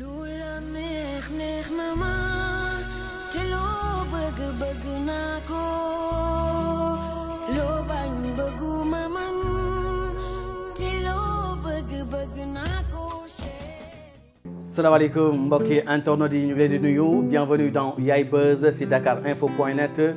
lula neex neex na ma te loo bëgg bëgg naa ko salaamaaleykum mbokki internautes yi ñu ngi leen di nuyu bienvenue dans Yaay Buzz si Dakar Info net euh,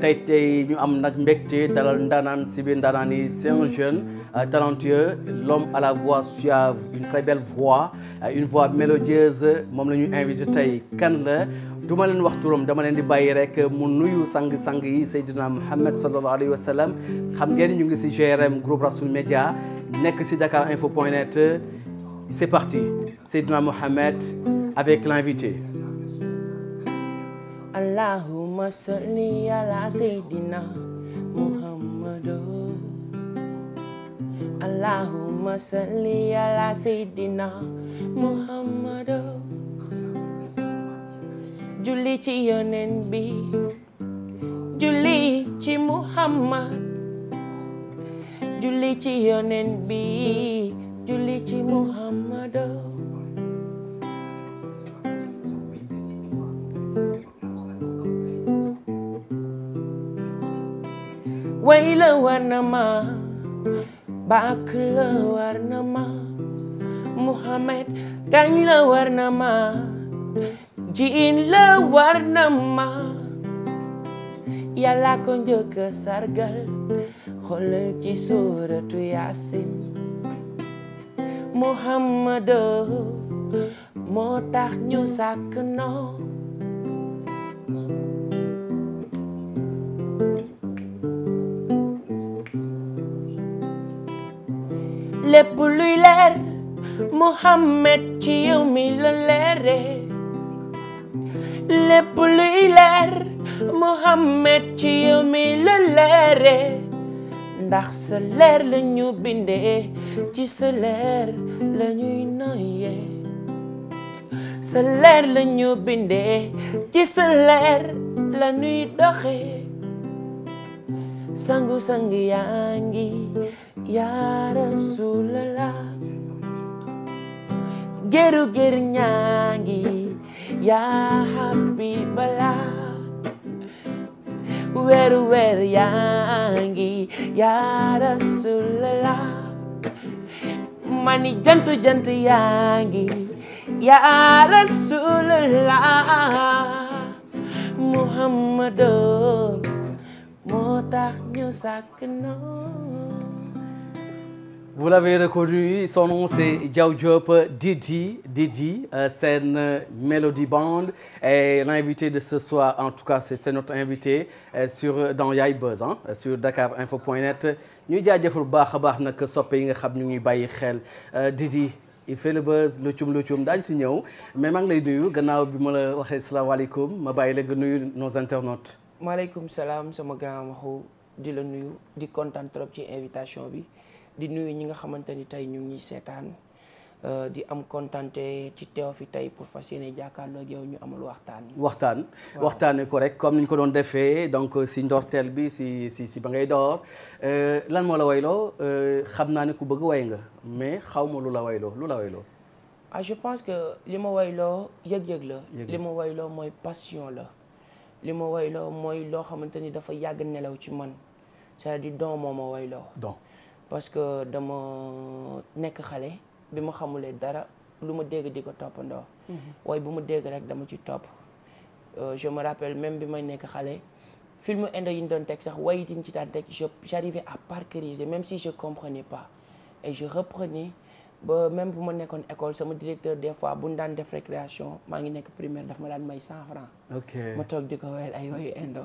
tey tey ñu am nag mbégte dalal ndaanaan si biir ndaanaan yi c'est un jeune euh, talentueux l'homme à la voix suave une très belle voix euh, une voix mélodieuse moom la ñu invité tey kan la du ma leen wax turam dama leen di bàyyi rek mu nuyu sang-sang yi Seydina Muhammad sallallahu alayhi wa sallam xam ngeen ñu ngi si GRM groupe Rasoul Média nekk si Dakar Info point net c'est parti Sidna Mohamed avec l'invité. Allahumma Muhammad. Allahumma Muhammad. Julli ci Yonent bi. Julli ci Muhammad. Waila warnama Bakla warnama Muhammad Gañla warnama Jiinla warnama Yàlla ko njëkk a sargal xoolal ci suuratu Yaasin Muhammad moo tax ñu sàkk noo lépp luy leer Muhammad ci yow mi la leere lépp luy leer Muhammad ci yow mi la leere ndax sa leer la ñu bindee ci sa leer la ñuy noyee sa leer la bindee ci sa leer la doxee sangu sangu yaa ngi yaa rasulallah geru geru ñaa ngi yaa habiballah weru weru yaa ngi yaa rasulallah mani jantu jantu yaa ngi rasulallah muhammadu tax ñu sàkk noo Vous l'avez reconnu, son nom c'est Diaw Diop Didi Didi euh, scène euh, Melody Band et l'invité de ce soir en tout cas c'est notre invité euh, sur dans Yaay Buzz hein, sur Dakarinfo.net ñuy jaajëfal bu baax a baax nag soppe yi nga xam ñu ngi bàyyi xel euh, Didi il fait le buzz luccum luccum daañu si ñëw mais maa ngi lay nuyu gannaaw bi ma la waxee salaamaaleykum ma bàyyi la nga nuyu nos internautes. maaleykum salaam sama grand waxu di la nuyu di kontaan trop ci invitation bi di nuyu ñi nga xamante ni tey ñu ngi seetaan euh, di am kontante ci teew fi tey pour fas yéene jàkkaarloo ak ñu amul waxtaan. waxtaan waxtaanee ko rek comme ni ñu ko doon defee donc si ndorteel bi si si si ba ngay door euh, lan moo la wayloo euh, xam naa ne ku bëgg way nga mais xaw ma lu la wayloo lu la wayloo. ah je pense que li ma wayloo yëg-yëg la. li ma wayloo mooy passion la. li ma woyloo mooy loo xamante ni dafa yàgg nelaw ci man cest di dire moo ma woyloo don parce que dama nekk xale bi ma xamulee dara lu ma dégg di ko toppandoo mm-hmm. woy bu ma dégg rek dama ci topp euh, je me rappelle même bi may nekk xale film indo yi ñu doon teg sax woy yi ñu ci daan teg je j'arrivais à parkeriser même si je comprenais pas et je reprenais ba même bu ma nekkoon école sama directeur des fois bu daan def récréation maa ngi nekk primaire daf ma daan may cent francs ok ma toog di ko ay yooyu indo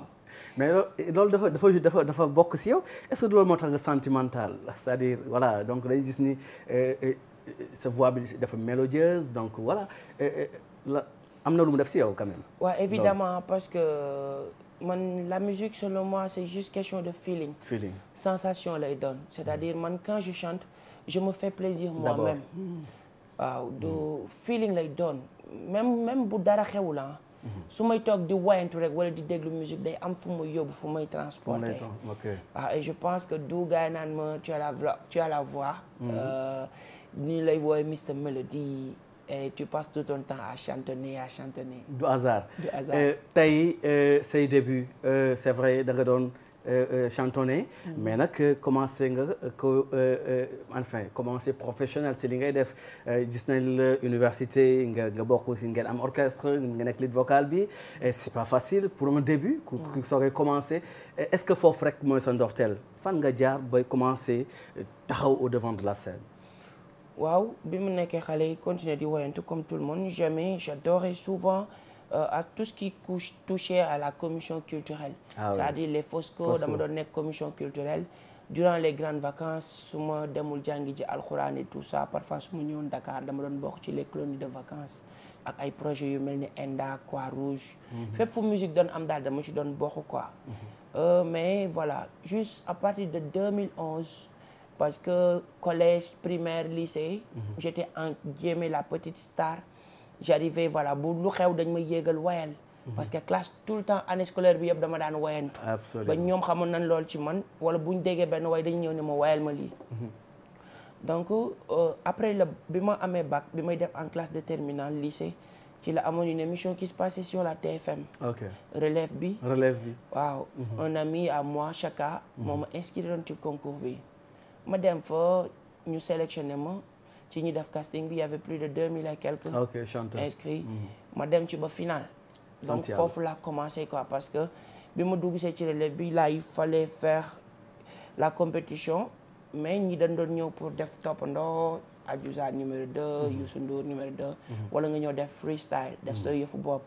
mais loolu dafa dafa dafa dafa bokk si yow est-ce que moo tax nga sentimental c'est-à-dire voilà donc dañu gis ni euh, euh, euh, sa voix bi dafa mélodieuse donc voilà la am na lu mu def si yow quand même. waaw ouais, parce que man la musique selon moi c'est juste question de feeling. feeling sensation lay doon c'est-à-dire man quand je chante. je me fais plaisir moi-même waaw du feeling lay doon même même bu dara xewul ah mhm. su may toog di wayantu rek wala di déglu musique day am fu ma yóbbu fu may transporter waaw ah, et je pense que du gaay naan ma tu as la tu as la voix mhm. euh, nii lay wooy Mr Melody et tu passes tout ton temps à chantonner à chantonner du hasard du hasard tey euh, say début euh, c'est vrai da nga doon Euh, euh, chantonné mm. mais nag euh, commencé nga ko commencé professionnel si li ngay def gis nañ la université nga nga si aussi am orchestre nga nekk lead vocal bi c'est pas facile pour un début ku mm. so commencé est-ce que foofu rek mooy sa ndorteel fan nga jaar bay commencé taxaw au devant de la scène waaw bi mu nekkee xale yi continuer di comme tout le monde jamais j'adorais souvent Euh, à tout ce qui couche touché à la commission culturelle ah, c'est-à-dire oui. Fosco dama doon nekk commission culturelle durant les grandes vacances su ma demul jàngi ji alxuraan et tout ça parfois su ma ñëwoon Dakar dama doon bokk ci les colonies de vacances ak ay projets yu mel ni Enda Croix Rouge mhm. fépp fu musique doon am daal dama ci doon bokk quoi mhm. euh, mais voilà juste à partir de 2011 parce que collège primaire lycée mhm. j'étais en guillemets la petite star j'arrivais voilà bu lu xew dañ ma yéegal wayal mhm. parce que classe tout le temps année scolaire bi yëpp dama daan wayantu ba ñoom xamoon nañ lool ci man wala buñ déggee benn way dañ ñëw ne ma wayal ma lii mhm. donc euh, après la bi ma amee bac bi may def en classe de terminale lycée ci la amoon une mission qui se passait sur la TFM. ok relève bi. relève bi waaw. Mm -hmm. un ami à moi Chaka. moo mhm. ma ci concours bi. ma dem fa ñu sélectionné ma ci ñi def casting bi y avait plus de deux mille et quelques ah, okay, mm-hmm. ma dem ci ba final donc foofu laa commencé quoi parce que bi ma dugg see ci relève bi là il fallait faire la compétition mais ñi dañ doon ñëw pour def toppandoo Adiouza numéro 2 mm-hmm. Youssou Ndour numéro 2 mm-hmm. wala nga ñëw def freestyle def sa yëfu bopp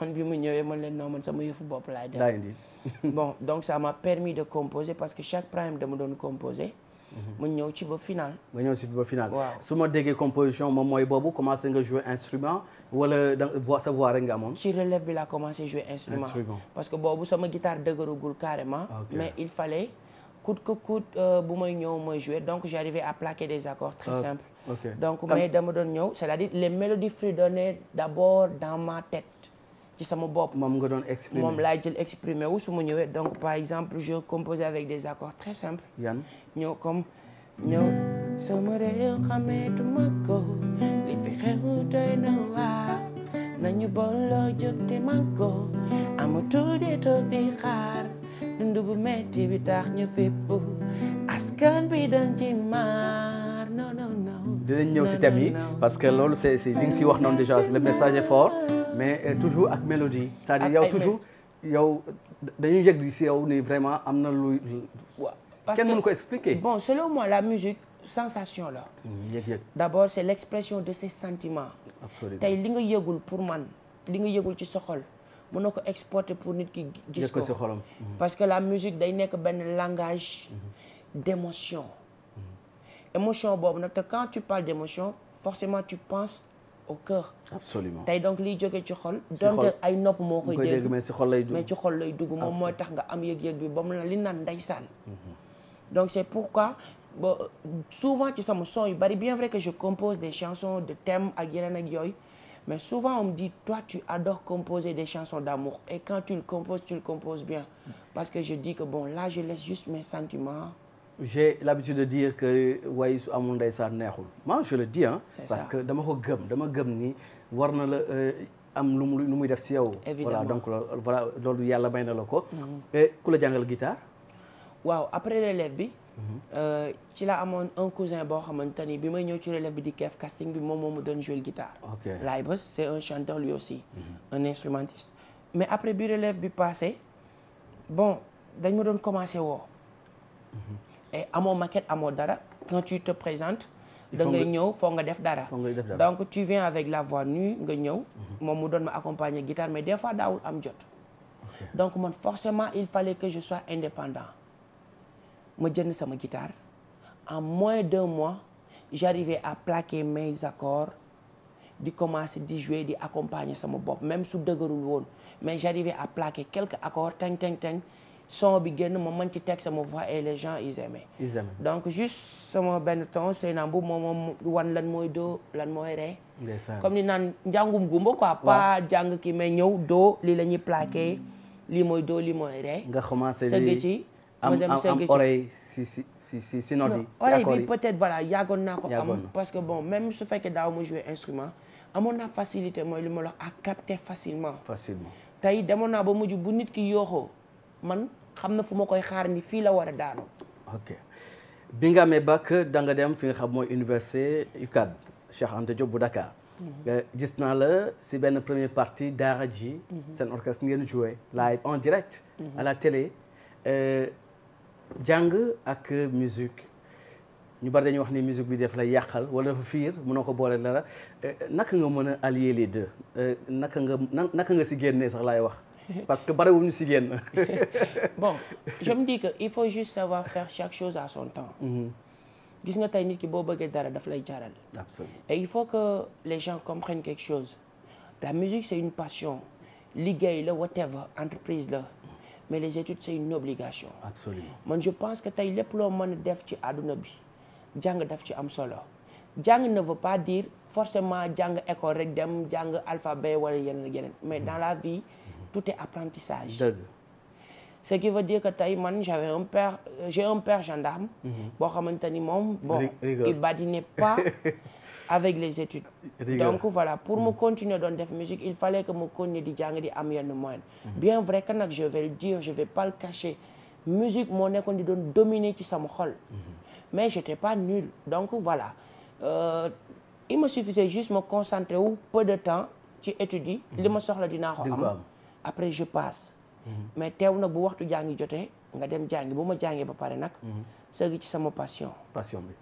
man bi mu ñëwee man leen noo man sama yëfu bopp laay def bon donc ça m'a permis de composer parce que chaque prime dama doon composer Mhm. mu ñëw ci ba final. ma ñëw ci ba final waaw su ma déggee composition moom mooy boobu commencé nga jouer instrument wala da voix sa voix rek nga amoon. ci relève bi laa commencé jouer instrument. instrument parce que boobu sama guitare dëgërugul carrément. mais il fallait coûte que coûte euh, bu may ñëw mooy jouer donc à plaquer des accords très simples. donc mais dama doon c'est-à-dire les mélodies fredonnaient d'abord dans ma tête. ci sama bopp moom nga doon exprimer moom laay jël exprimer wu su ma ñëwee donc par exemple je compose avec des accords très simples yan ñëw comme ñëw sama réew xameetuma ko li fi xew doy na waa nañu booloo jóg te man ko amatul di toog di xaar dund bu metti bi tax ñu fépp askan bi dañ ci maar non non non dinañ ñëw si thème yi parce que loolu c'est c'est li nga si wax noonu déjà le message est fort mais euh, toujours ak mélodie. c'est-à-dire yow toujours yow dañuy yëg yow ni vraiment am na lu. parce que kenn ko expliquer. bon selon moi la musique sensation la. Mm, yëg-yëg d'abord l'expression de ses sentiments. absolument li nga yëgul pour man li nga yëgul ci sa xol mën na ko exporter pour nit ki gis ko si mm-hmm. parce que la musique day nekk benn langage. Mm-hmm. d'émotion. Mm-hmm. émotion boobu nag te quand tu parles d'émotion forcément tu penses. au cœur. absolument tey donc liy joge ci xol. donte ay nopp moo koy dégg mais ci xol lay dugg moo mooy tax nga am yëg-yëg bi ba mu li naan ndeysaan. Mhm. donc c'est pourquoi ba souvent ci sama son yu bari bien vrai que je compose des chansons de thèmes ak yeneen ak yooyu. mais souvent on me dit toi tu adores composer des chansons d'amour et quand tu le composes tu le composes bien mhm. parce que je dis que bon là je laisse juste mes sentiments j'ai l'habitude de dire que waaye su amul ndeysaan neexul moi je le dis ah parce que dama ko gëm dama gëm ni war na la euh, am lu mu lu muy def si yow voilà donc voilà loolu yàlla may na la ko mm-hmm. ku la jàngal guitare waaw après l'élève bi mm-hmm. euh, ci la amoon un cousin boo xamante ni bi may ñëw ci relève bi di keef casting bi moom moo mu doon jouer guitare Laye Bas c'est un chanteur lui aussi mm-hmm. un instrumentiste mais après bi relève bi passé bon dañ ma doon commencé woo et amoo maquette amoo dara quand tu te présentes da ngay ñëw foog nga def dara donc tu viens avec la voix nue nga ñëw mhm. moom mu doon ma accompagner guitare mais des fois daawul am jot donc man forcément il fallait que je sois indépendant ma jënd sama guitare en moins d'un mois j'arrivais à plaquer mais accords di commencer di jouer di accompagner sama bopp même su dëgërul woon mais j'arrivais à plaquer quelque accords teng teng teng son bi génn ma man ci teg sama voix et les gens ils aimaient. ils aimaient donc sama benn temps Seyna Mbow moom moom wan lan mooy doo lan mooy ree. comme ni naan njàngum gumba quoi. pa jàng ki mais ñëw doo lii la ñuy plaqué lii mooy doo li mooy ree. nga commencé li ci. am am am oreille si si si si si yi. oreille bi peut-être voilà yàggoon naa parce que bon même su fekkee daaw ma jouer instrument. amoon naa facilité mooy li ma la a à capter facilement. tey demoon naa ba mujj bu nit ki yooxoo man xam na fu ma koy xaar ni fii la war a daanoo. bi nga amee bac da nga dem fi nga xam mooy université UCAD Cheikh Anta Diop bu Dakar. Mhm. Euh, gis naa la si benn première partie daara ji. Mhm. seen orchestre ngeen joué live en direct. Mhm. à la télé euh, jàng ak musique ñu bari dañuy wax ni musique bi def lay yàqal wala dafa fiir mënoo ko boole dara euh, naka nga mën a allier les deux naka nga naka nga si génnee sax laay wax. parce que barewuñu si génn. bon je me dis que il faut juste savoir faire chaque chose à son temps. Mhm. gis nga tey nit ki boo bëggee dara daf lay jaral. absolument et il faut que les gens comprennent quelque chose la musique c'est une passion liggéey la whatever entreprise la mais les études c'est une obligation. absolument man je pense que tey lépp loo mën a def ci àdduna bi jàng def ci am solo. jàng ne veut pas dire forcément jàng école rek dem jàng alphabet wala yeneen yeneen mhm. la vie. tout est apprentissage. dëgg ce qui veut dire que tey man j'avais un père j'ai un père gendarme. Mhm. boo xamante ni moom. bon il badinait pas avec les études. donc voilà pour mu mhm. continuer doon def musique il fallait que mu continuer di jàng di am yenn moyen. Mhm. bien vrai que nag je vais le dire je vais pas le cacher musique moo nekkoon di doon dominer ci sama xol. mais j'étais pas nul donc voilà euh, il me suffisait juste me concentrer wu peu de temps ci études yi. li ma soxla dinaa ko am. après je passe mhm. mais teew na bu waxtu jàngi jotee nga dem jàngi bu ma jàngee ba pare nag mhm. sëgg ci sama passion. passion bi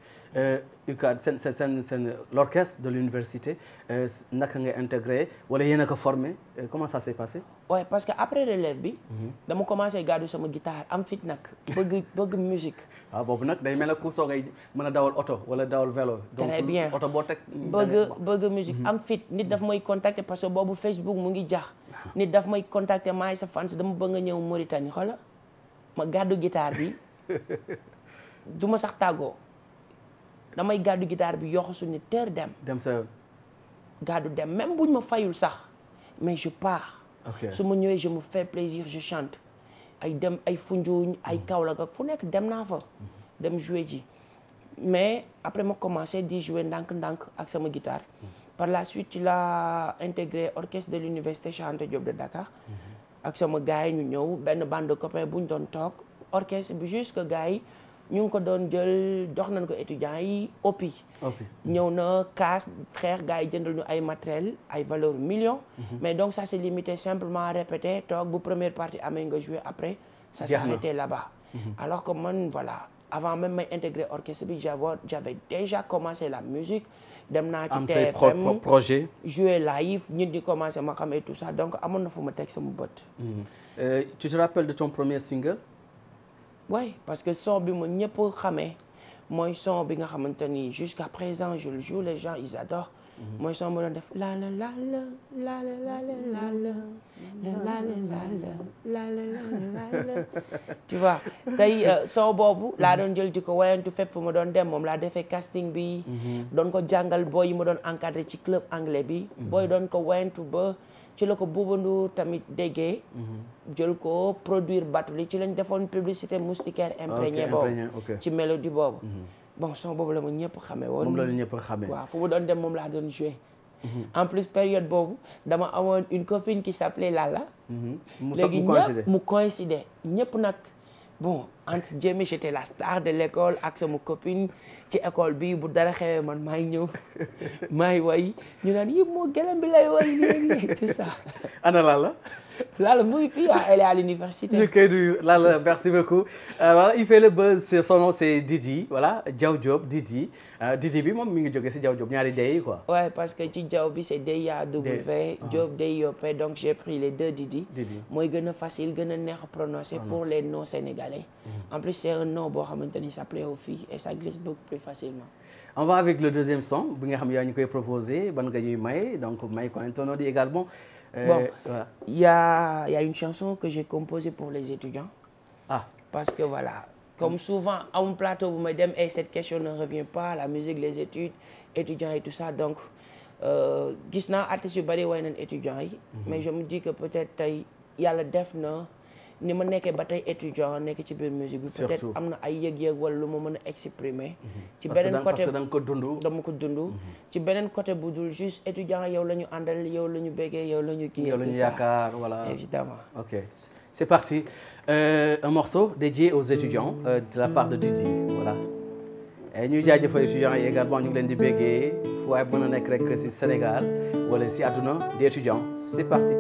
UCAD euh, seen seen seen seen l'orchestre de l'université euh, naka nga intégré wala yéen ak ko formé euh, comment ça s'est passé. waaye parce que après relève bi. Mhm. dama commencé gàddu sama guitare am fit nag bëgg bëgg musique. waaw ah, boobu nag day mel ne ku soogay mën a dawal oto wala dawal vélo. bien oto boo teg. bëgg bëgg musique mhm. am fit nit daf may contacter parce que boobu Facebook mu ngi jax ah. nit daf may contacter maay sa fans dama bëgg nga ñëw Mauritanie xoola ma gàddu guitare bi. du ma sax tàggoo damay gàddu guitare bi yoxasu ni tër dem. dem sa gàddu dem même buñ ma fayul sax mais je pars. su ma ñëwee je me fais plaisir je chante ay dem ay Foundiougne ay mm-hmm. Kaolack ak fu nekk dem naa fa. Mm-hmm. dem jouer ji mais après ma commencé di jouer ndànk-ndànk ak sama guitare. Mm-hmm. par la suite ci la intégré orchestre de l'université Cheikh Anta Diop de Dakar. ak sama gars yi ñu ñëw benn band de copains bu ñu doon toog orchestre bi jusque gars yi. ñu ngi ko doon jël dox nañ ko étudiants yi OPI. OPI ñëw na kaas frère gaa yi jëndal ñu ay matériel ay valeur million mhm. mais donc sa c'est limité simplement répété toog bu première partie amee nga jouer après. ça s'arrêtait là-bas. Mhm. alors que man voilà avant même may intégrer orchestre bi j'avais j'avais déjà commencé la musique. dem naa ci TFM am projet. jouer live ñun di commencé moo xam et tout ça donc amoon na fu ma teg sama bët. Mhm. Euh, tu te rappelles de ton premier single. oui parce que son bi ma ñëpp xamee mooy son bi nga xamante ni jusqu'à présent je le jou les gens ils mooy son ma doon def la la la la la la la la la la la boobu laa doon jël di ko wayantu fépp fu ma doon dem moom laa defee casting bi doon ko jàngal booy yi ma doon encadré ci club anglais bi booy doon ko wayantu ba ci la ko Bouba Ndour tamit déggee. Mhm. jël ko produire Batuli ci lañ defoon publicité moustiquaire imprégné boobu ci mélodie boobu. Mhm. bon son boobu la ma ñëpp xamee woon. moom la ñëpp waaw fu mu doon dem moom laa doon joué. Mhm. en plus période boobu dama amoon une copine qui s'appelait Lala. léegi ñëpp mu coïncidé ñëpp nag. bon Anta Diémé j'étais la star de l'école ak sama copine ci école bi bu dara xewee man maay ñëw maay way ñu naan yi moo gëlëm bi lay way lii tout ça. ana la la. la mu ngi fii waa l'université. ñu koy merci beaucoup euh, voilà il fait le buzz son nom c'est Didi voilà Diaw Diop Didi euh, bi moom mi ngi jógee si Diaw Diop ñaari dey yi quoi. ouais parce que ci Diaw bi c'est DIA W uh-huh. Diop day yoppe donc j'ai pris les deux Didi. Didi mooy gën a facile gën a neex a prononcer ah, pour les noms sénégalais. Mm-hmm. en plus c'est un nom boo xamante ni ça plaît aux filles et ça glisse beaucoup plus facilement. on va avec le deuxième son bi nga xam yaa ñu koy proposé ban nga ñuy may donc may ko un tonneau di Euh, bon y a il y a une chanson que j'ai composée pour les étudiants. ah parce que voilà comme souvent am plateau bu may dem et cette question ne revient pas la musique les études étudiants et tout ça donc euh, gis naa artistes yu bari way nañ étudiants yi. Mhm. mais je me dis que peut-être tey yàlla def na. ni ma nekkee ba tey étudiant nekk ci biir musique bi peut-être am na ay yëg-yëg wala lu ma mën a exprimer mhm. ci beneen côté da nga ko dund dama ko dund mhm. ci beneen côté bu dul juste étudiant yow la ñu àndal yow la ñu béggee yow la ñu kii yow la ñu yaakaar voilà évidemment ok c'est parti euh, un morceau dédié aux étudiants euh, de la part de Didi voilà eh, ñuy jaajëfal étudiants yi également ñu ngi leen di béggee fu waay mën a nekk rek si Sénégal wala si àdduna di étudiant c'est parti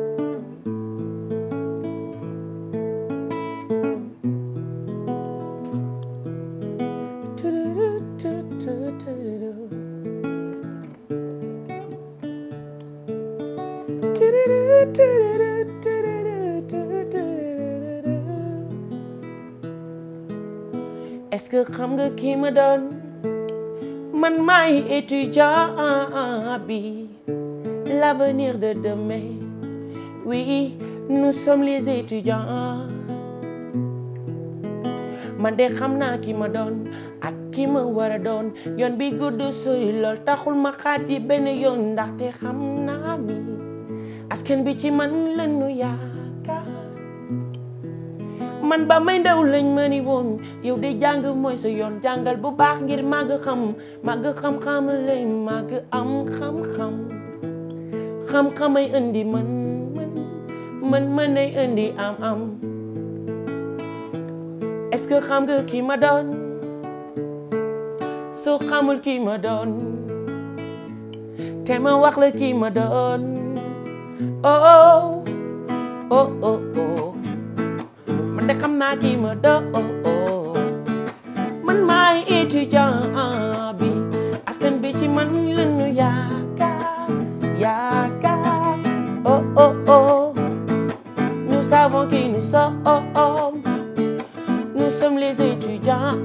est-ce que xam nga kii ma doon man maay étudiant bi l'avenir de demain oui nous sommes les étudiants man de xam naa ki ma doon ak ki ma war a doon yoon bi gudd sori lool taxul ma xaati benn yoon ndaxte xam naa ni askan bi ci man la nu yaa man ba may ndaw lañ ma ni woon yow de jàng mooy sa yoon jàngal bu baax ngir màgg xam màgg xam-xam lay màgg am xam-xam xam-xamay indi man man man ay indi am am est-ce que xam kii ma doon soo xamul kii ma doon te wax la kii ma doon oh oh oh, oh, oh. man de xam naa kii ma doo man maay étudiant bi askan bi ci man lañu yaakaar yaakaar oh oh oh nous savons qui nous sommes nous sommes les étudiants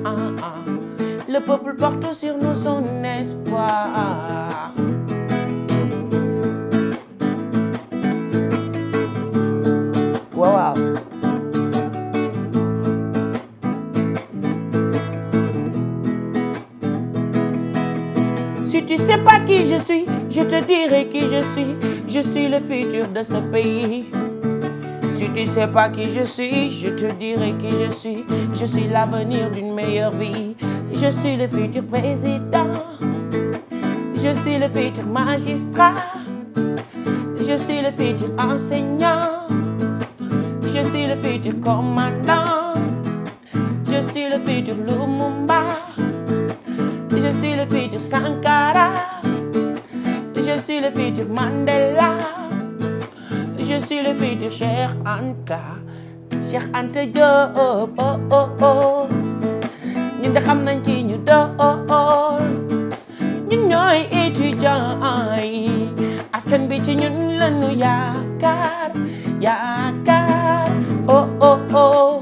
le peuple porte sur nous son espoir qui je suis, je te dirai qui je suis, je suis le futur de ce pays. Si tu sais pas je suis, je te dirai je suis, je suis l'avenir d'une meilleure vie. Je suis le futur président, je suis le futur magistrat, je suis le futur enseignant, je suis le futur commandant, je suis le futur Lumumba, je suis le futur Sankara. je suis le futur Mandela je le futur Cheikh Anta Cheikh Anta Diop oh oh oh ñun de xam nañ ci ñu dool étudiant yi askan bi ci ñun lañu yaakaar yaakaar oh oh oh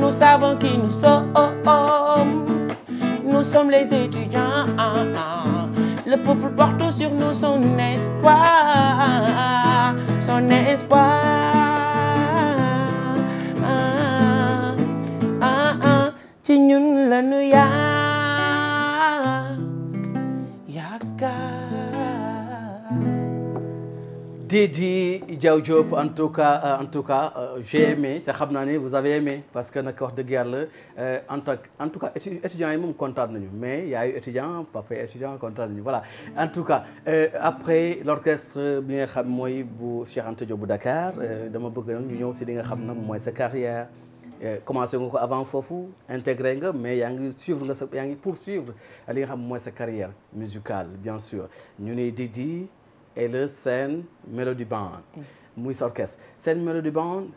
nous savons qui nous sommes nous les étudiants Le peuple porte sur nous son espoir, son espoir. Ah ah, ah, ah, ah. ci ñun la ñu yaa Didi Diaw Diop en tout cas euh, en tout cas euh, j'ai aimé te xam naa ne vous avez aimé parce que nag wax dëgg yàlla euh, en tant en tout cas étudiants yi moom kontaan nañu mais yaayu étudiant papa étudiant kontaan nañu voilà en tout cas après l'orchestre bi nga xam mooy bu Cheikh Anta bu Dakar dama bëgg nag ñu ñëw si li nga xam na mooy sa carrière commencé nga ko avant foofu intégré nga mais yaa ngi suivre nga sa yaa ngi poursuivre li xam mooy sa carrière musicale bien sûr ñu ne Didi et le Sen Melody Band. Mm. muy sa orchestre Sen Melody Band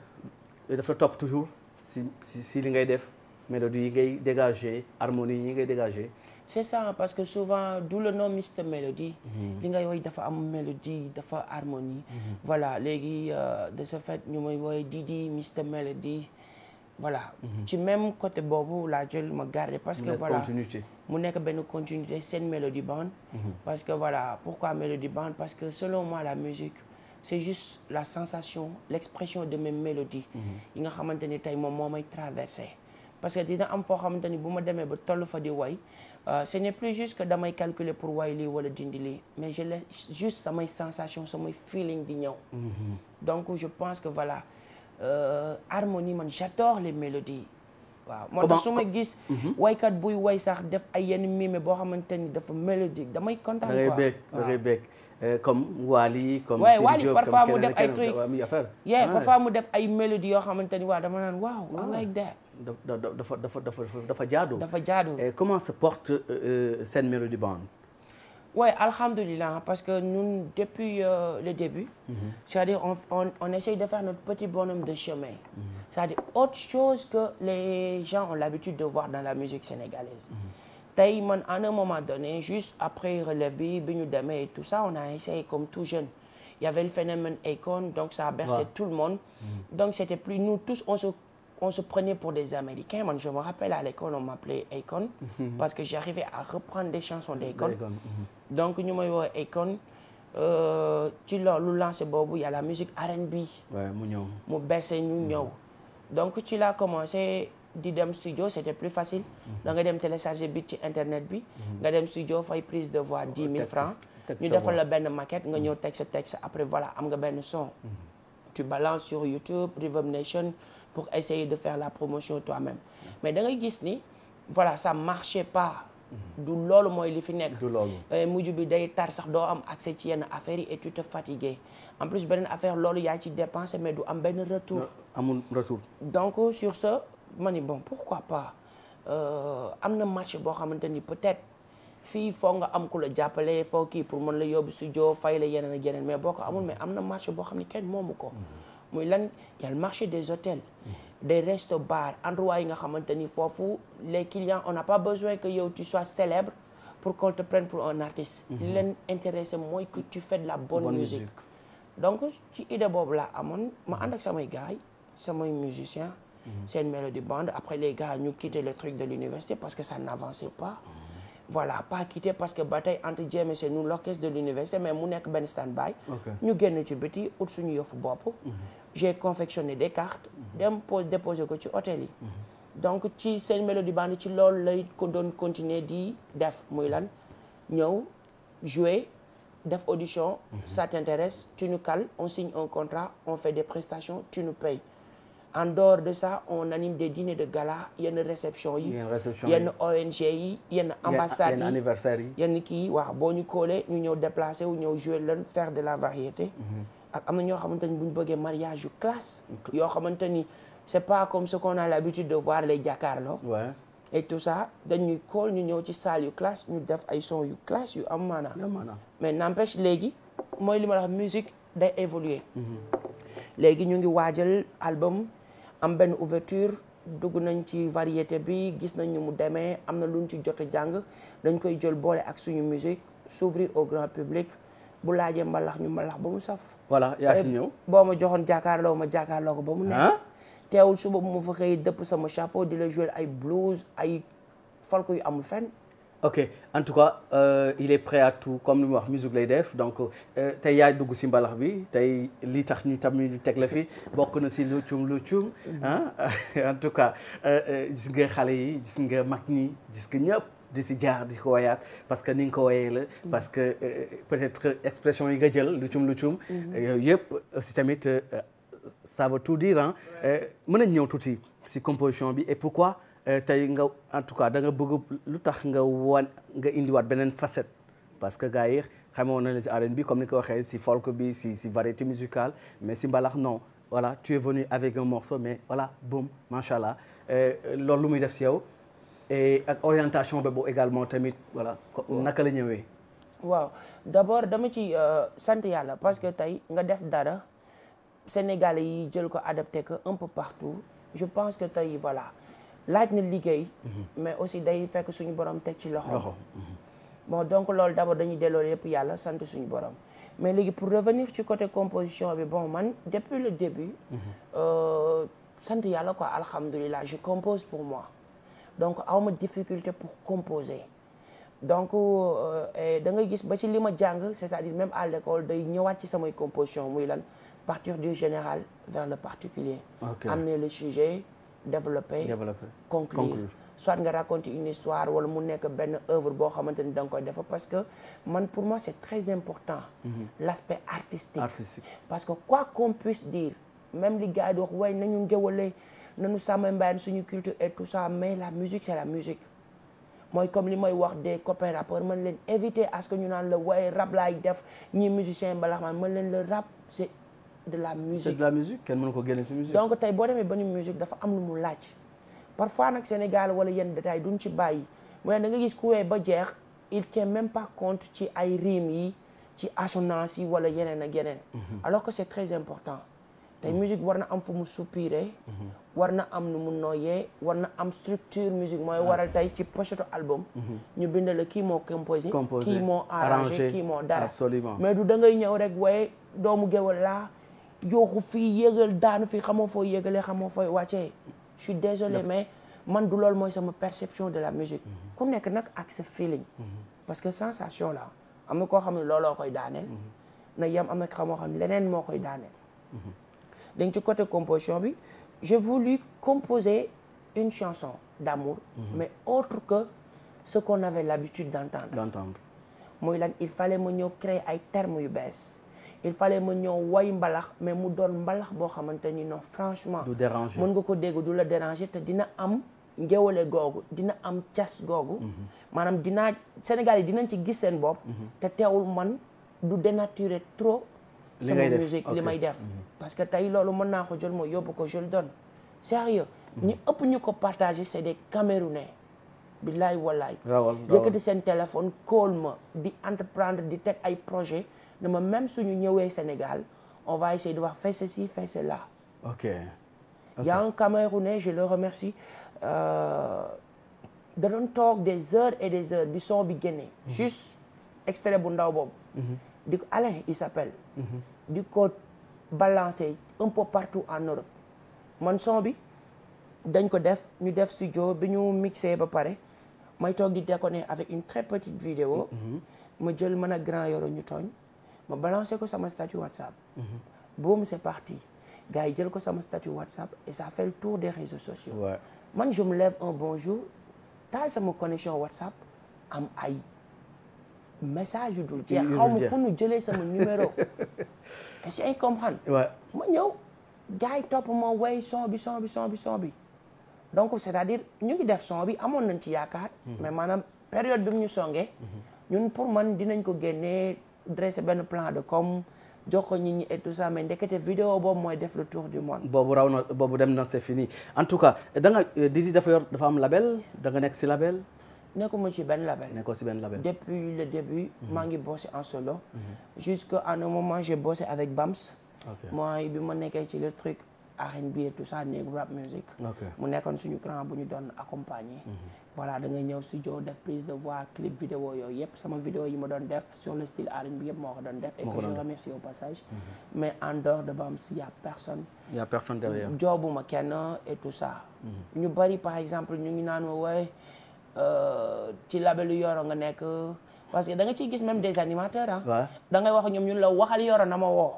dafa topp toujours si si li ngay def mélodie yi ngay dégager harmonie yi ngay dégager. c'est ça parce que souvent d'où le nom Mr Melody mm-hmm. li ngay woy dafa am mélodie dafa harmonie. Mm-hmm. voilà léegi euh, de ce fait ñu may woy Didi Mr Melody. voilà mhm. ci même côté boobu la jël ma garder parce que voilà mu nekk benn continuité seen mélodie band mhm. parce que voilà pourquoi mélodie band parce que selon moi la musique c'est juste la sensation l'expression de mes mélodies mhm. yi nga xamante ni tey moom moo may traversé parce que na am foo xamante ni bu ma demee ba toll fa di way euh, ce n'est plus juste que damay calculer pour way lii wala dindi li mais je laisse juste samay sensation samay feeling di ñëw donc je pense que voilà Euh, harmonie man j'adore les mélodies. waaw moo tax su ma gis. Mhm. waykat buy woy sax def ay yenn mime boo xamante ni dafa mélodique damay kontaan quoi. da ngay békk comme Wally comme Sidi Diop parfois mu def ay trucs yeah ah, parfois mu def ay mélodies yoo xamante ni waaw dama naan waaw I ah. like dafa dafa dafa dafa dafa jaadu. dafa jaadu. comment se porte seen euh, euh, mélodie band Oui, alhamdoulilah, parce que nous, depuis euh, le début, mm -hmm. c'est-à-dire on, on, on, essaye de faire notre petit bonhomme de chemin. Mm -hmm. C'est-à-dire autre chose que les gens ont l'habitude de voir dans la musique sénégalaise. Mm -hmm. tey man à un moment donné juste après relève bi bi ñu demee et tout ça on a essayé comme tout jeune il y avait le phénomène Akon donc ça a bercé ouais. tout le monde mm -hmm. donc c'était plus nous tous on se on se prenait pour des Américains. Man, je me rappelle à l'école, on m'appelait Akon mhm. parce que j'arrivais à reprendre des chansons d'Akon. Mhm. Donc ñu may woo Akon euh, ci loolu lancé boobu y a la musique mu ñëw mu bese mhm. ñëw. donc ci laa commencé di dem studio c'était plus facile. da nga dem télécharger bi ci internet bi. ga dem studio fay prise de voix dix mille francs. ñu def la benn maquette nga ñëw texte texte après voilà am nga benn son. tu balances sur YouTube Reverb Nation. pour essayer de faire la promotion toi-même mais dangay gis ni voilà ça marché pas du loolu mooy li fi nekk euh, mujj bi day tar sax doo am accès ci yenn affaire yi et tu te fatigues en plus beneen affaire loolu yaa ci dépensé mais du am benn retour amul retour donc sur ce man ni bon pourquoi pas euh, am na marché boo xamante ni peut-être fii foo nga am ku la jàppale foo kii pour mën la su joo fay la yeneen ak yeneen mais boo ko amul mais am na marché boo xam ni kenn moomu ko mm-hmm. muy lan y marché des hôtels des restos bars endroit yi nga xamante ni foofu les clients on n'a pas besoin que yow tu sois célèbre pour qu'on te prenne pour un artiste mhm. li leen mooy que tu fais de la bonne, bonne musique. donc ci idée boobu laa amoon ma mhm. ànd ak samay gars samay musicien mhm. seen mélodie bande après les gars ñu quitté le truc de l'université parce que ça n'avançait pas voilà pas quitté parce que ba tey entre Dieng et nous l'orchestre de l'université mais mu nekk benn stand-by. ñu génn ci biti ut suñu yëfu bopp. Mhm. j'ai confectionné des cartes. Mhm. dem po déposé ko ci hôtel yi. Mhm. donc ci seen mélodie band ci loolu lay ko doon continuer di def muy lan ñëw jouer def audition. ça t'intéresse tu nous cales on signe un contrat on fait des prestations tu nous en dehors de ça on anime des dîners de gala yenn réception yi yenn ONG yi yenn ambassade yi anniversaire yi yenn kii waaw boo ñu koolee ñu ñëw déplacé wu ñëw jouer leen faire de la variété mhm. ak am na ñoo xamante ni bu ñu bëggee mariage yu classe yoo xamante ni c'est pas comme ce qu'on a l'habitude de voir les jàkkaarloo et tout ça dañuy kool ñu ñëw ci salle yu classe ñu def ay son yu classe yu am maanaam mais n'empêche léegi mooy li ma la wax musique day évoluer mhm. léegi ñu ngi waajal album am benn ouverture dugg nañ ci variété bi gis nañ ni mu demee am na lu luñ ci jot jàng dañ koy jël boole ak suñu musique s'ouvrir au grand public bu laajee mbalax ñu mbalax ba mu saf. voilà yaa eh, si ñëw boo ma joxoon jàkkaarloo ma jàkkaarloo ko ba mu nekk. Ah? teewul suba bu ma fa xëy dëpp sama chapeau di la jouer ay blues ay folk yu amul fenn. ok en tout cas euh, il est prêt à tout comme ni mu wax musique lay def donc euh, tey yaay dugg si mbalax bi tey li tax ñu tam ñu teg la fi bokk na si lu cum lu cum ah en tout cas euh, euh, gis nga xale yi gis nga mag ñi gis nga ñëpp di si jaar di ko wayaat parce que ni nga ko wayee la mm. parce que peut-être que expression yi nga jël lu cum lu cum mm-hmm. yooyu yëpp si tamit ça veut tout dire ah mën nañ ñëw tuuti si composition bi et pourquoi Euh, tey nga en tout cas da nga bëgg lu tax nga wan nga indiwaat beneen facette parce que gars yi xamoon na la si arène bi comme ni ko waxee si folk bi si si variété musicale mais si mbalax non voilà tu es venu avec un morceau mais voilà boum macha allah euh, loolu lu muy def si yow et ak orientation bu également tamit wala naka la ñëwee. waaw d'abord dama ci euh, sant yàlla parce que tey nga def dara sénégal yi jël ko adapté ko un peu partout je pense que tey voilà. laaj na liggéey. Mhm. mais aussi day fekk suñu borom teg ci loxo. Mhm. bon donc loolu d'abord dañuy delloo yépp yàlla sant suñu borom. mais léegi pour revenir ci côté composition bi bon man depuis le début. Mhm. Euh, sant yàlla quoi alhamdulilah je compose pour moi. donc aw ma difficulté pour composer. donc euh, da nga gis ba ci li ma jàng c'est-à-dire même à l'école day ñëwaat ci samay composition muy lan partir du général vers le particulier. amener le sujet. développer conclure soit nga raconter une histoire wala mu nekk benn œuvre boo xamante ni da nga koy def parce que man pour moi c'est très important mm -hmm. l'aspect artistique. parce que quoi qu'on puisse dire même li gars yi di wax way nañu na nañu sàmm mbayaan suñu culture et tout ça mais la musique c'est la musique mooy comme li may wax de copains rappeurs mën leen éviter à ce que ñu naan la way rap laay def ñi musicien mbalax man mën leen la rap de la musique c'est de la musique kenn mënu ko génne ci donc tey boo demee ba ni musique dafa am lu mu laaj parfois nag Sénégal wala yenn détail duñ ci bàyyi wala da nga gis ku wee ba jeex il tient même pas compte ci ay rimes yi ci assonance yi wala yeneen ak yeneen. Mhm. alors que c'est très important. tey mhm. musique war na am fu mu soupiré. Mhm. war na am nu mu noyyee war na am structure musique mooy ah. waral tey ci pochette album. ñu bindale kii moo composé. kii moo arrangé kii moo dara. mais du da ngay ñëw rek waaye doomu géwél yooxu fii yéegal daanu fii xamoo fooy yéegalee xamoo fooy wàccee je suis désolé mais man du loolu mooy sama perception de la musique mhm. ku nekk nag ak sa feeling mhm. parce que sensation la am na koo xam ne looloo koy daaneel mhm. na yam am na xamoo xam ne leneen moo koy daaneel dañ ci côté composition bi j'ai voulu composer une chanson d'amour mais autre que ce qu'on avait l'habitude d'entendre d'entendre muy lan il fallait ma ñëw créer ay termes yu bees il fallait ma ñëw woy mbalax mais mu doon mbalax boo xamante ni non franchement. du déranger mën nga ko dégg du la déranger te dina am ngéwale googu dina am cas googu. Mhm. maanaam dinaa Sénégal yi dinañ ci gis seen bopp. Mhm. te teewul man du dénaturer trop. li ngay def musique li may def. Mhm. parce que tey loolu mën naa ko jël moo yóbbu ko je le donne. sérieux ñu ëpp ñu ko partagé c'est des Camerounais. billaay wallaay. yëkkati seen téléphone call ma di entreprendre di teg ay projet ne ma même suñu ñëwee Sénégal on va essayer de voir fais ceci fais cela. ok ok y a un Camerounais je le remercie euh, da toog des heures et des heures bi son bi génnee. Mhm. juste extrait bu ndaw boobu. Mhm. di ko Alain il s'appelle. Mhm. di ko balancer un peu partout en Europe man son bi dañ ko def ñu def studio bi ñu mixé ba pare may toog di déconner avec une très petite vidéo ma jël man a grand yoro ñu tooñ. ma balancé ko sama statut WhatsApp. Mhm. boom c'est parti gars yi jël ko sama statut WhatsApp et ça fait tour des réseaux sociaux. Ouais. man je me lève un bonjour taal sama connexion WhatsApp am ay message yu dul jeex. xaw ma fu jëlee sama numéro. est-ce que comprendre. ma ñëw gars yi topp ma way son bi son bi son bi donc c'est-à-dire ñu ngi def son bi amoon nañ ci yaakaar. Mhm. mais maanaam période bi mu ñu songee. Mhm. ñun pour man dinañ ko génnee dressé benn plan de com jox ko ñi et tout ça mais ndekete vidéo boobu mooy def le tour du monde. boobu raw na boobu dem na c'est fini en tout cas da nga euh, Didi dafa yor dafa am label da nga nekk si label. nekkuma ci benn label. nekkoo ci benn label. depuis le début. Mhm. maa ngi bossé en solo. Mhm. jusqu'à un moment j'ai bossé avec Bams. mooy bi ma nekkee ci le truc. R&B et tout ça néegu rap music mu nekkoon suñu grand bu ñu doon accompagner mhm. voilà da ngay ñëw studio def prise de voix clip vidéo yooyu yëpp sama vidéo yi ma doon def sur le style bi yëpp moo ko doon def et que je remercie au passage mhm. mais en dehors de Bamsi y a personne y a personne derrière joobuma kenn et tout ça mhm. ñu bari par exemple ñu ngi naan ma wooy euh, ci labelu Yoro nga nekk parce que da nga ciy gis même des animateurs ah da wax ñoom ñun la waxal Yoro na ma woo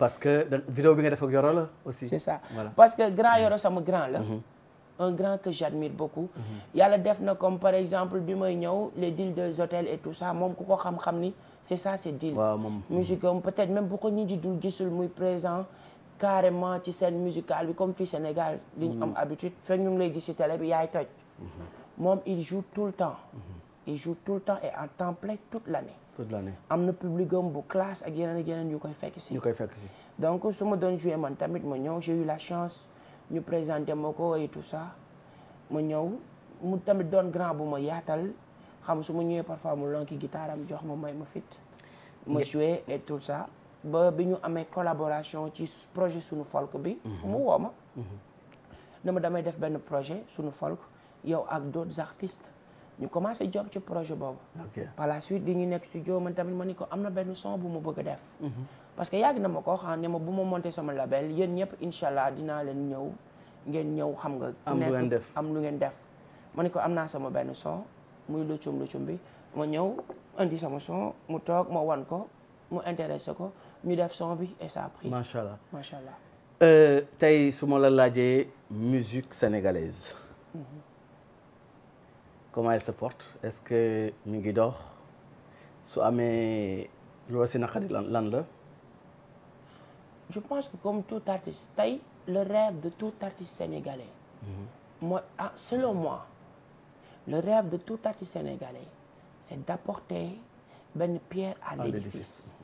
parce que vidéo bi nga def ak Yoro la aussi. c'est ça voilà. parce que grand mm-hmm. Yoro sama grand la. Mm-hmm. un grand que j'admire beaucoup. Mm-hmm. yàlla def na comme par exemple bi may ñëw les deals des hôtels et tout ça moom ku ko xam-xam ni c'est ça c'est deal. waaw moom musique am peut-être même bu ko ñi di dul gisul muy présent carrément ci scène musicale bi comme fii Sénégal. li ñu am habitude fekk ñu ngi lay gis ci télé bi yaay moom il joue tout le temps. il joue tout le temps et en temple plein toute l'année. toute am na public am bu classe ak yeneen ak yeneen yu koy fekk si. yu koy fekk si donc su ma doon joué man tamit ma ñëw j'ai eu la chance ñu présenté ma ko et tout ça ma ñëw mu tamit doon grand bu ma yaatal xam su ma ñëwee parfois mu lonki guitare am jox ma may ma fit. ma joué et tout sax ba bi ñu amee collaboration ci projet sunu folk bi. Mhm. mu woo ma. Mhm. ne ma damay def benn projet sunu folk yow ak d'autres artistes. ñu commencé job ci projet boobu. par la suite di ñu nekk studio man tamit ma ni ko am na benn son bu ma bëgg a def. Mhm. parce que yàgg na ma koo xam ah, ne ma bu ma monté sama label yéen ñëpp incha allah dinaa leen ñëw ngeen ñëw xam nga. am lu def am lu ngeen def. ma ni ko am naa sama benn son muy luccum luccum bi ma ñëw indi sama son mu toog ma wan ko mu intéressé ko ñu def son bi et ça a pris. macha allah macha allah. Euh, tey su ma la laajee musique sénégalaise. comment elle se porte est-ce que ñu ngi dox su amee loo si naqari lan la. je pense que comme tout artiste tey le rêve de tout artiste sénégalais. Mhm. mooy mm ah selon moi le rêve de tout artiste sénégalais c'est d'apporter benn pierre à l'édifice